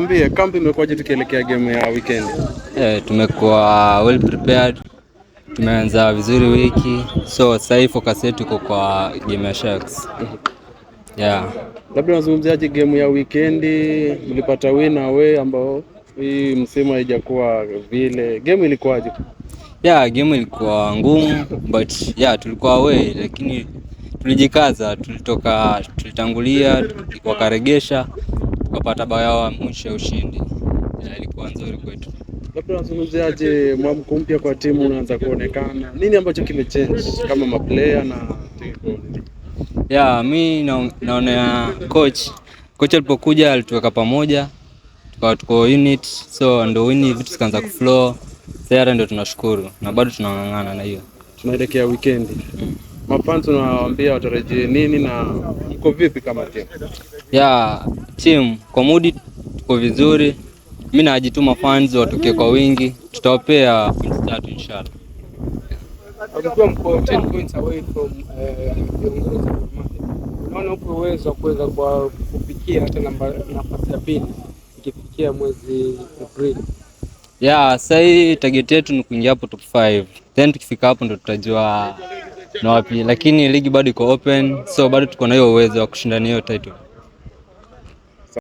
tuambie kambi imekuwaje tukielekea game ya weekend? Eh, tumekuwa well prepared. Tumeanza vizuri wiki, so sasa hivi focus yetu iko kwa game ya Sharks. Yeah. Labda unazungumziaje game ya weekend, mlipata win away ambao hii msimu haijakuwa vile. Game ilikuwaje? Yeah, game ilikuwa ngumu but yeah, tulikuwa away lakini tulijikaza, tulitoka, tulitangulia wakaregesha tukapata bao mwisho ya ushindi, eh, ilikuwa nzuri kwetu. Labda unazungumziaje mwamko mpya kwa timu unaanza kuonekana, nini ambacho kimechange kama maplayer na ya mi naona coach coach alipokuja alituweka pamoja, tukawa tuko unit, so ndo wini vitu zikaanza kuflow sasa, ndio tunashukuru na bado tunang'ang'ana na hiyo, tunaelekea weekend mm mafans unawaambia watarajie nini na mko vipi kama timu? Ya team kwa mudi tuko vizuri. Mimi najituma fans watokee kwa wingi, tutawapea points tatu inshallah. Alikuwa mko 10 points away from viongozi eh, wa unaona upo uwezo wa kuweza kwa kufikia hata namba nafasi ya pili ikifikia mwezi Aprili. Yeah, sasa hii target yetu ni kuingia hapo top 5. Then tukifika hapo ndo tutajua na wapi, lakini ligi bado iko open, so bado tuko na hiyo uwezo wa kushindania hiyo title.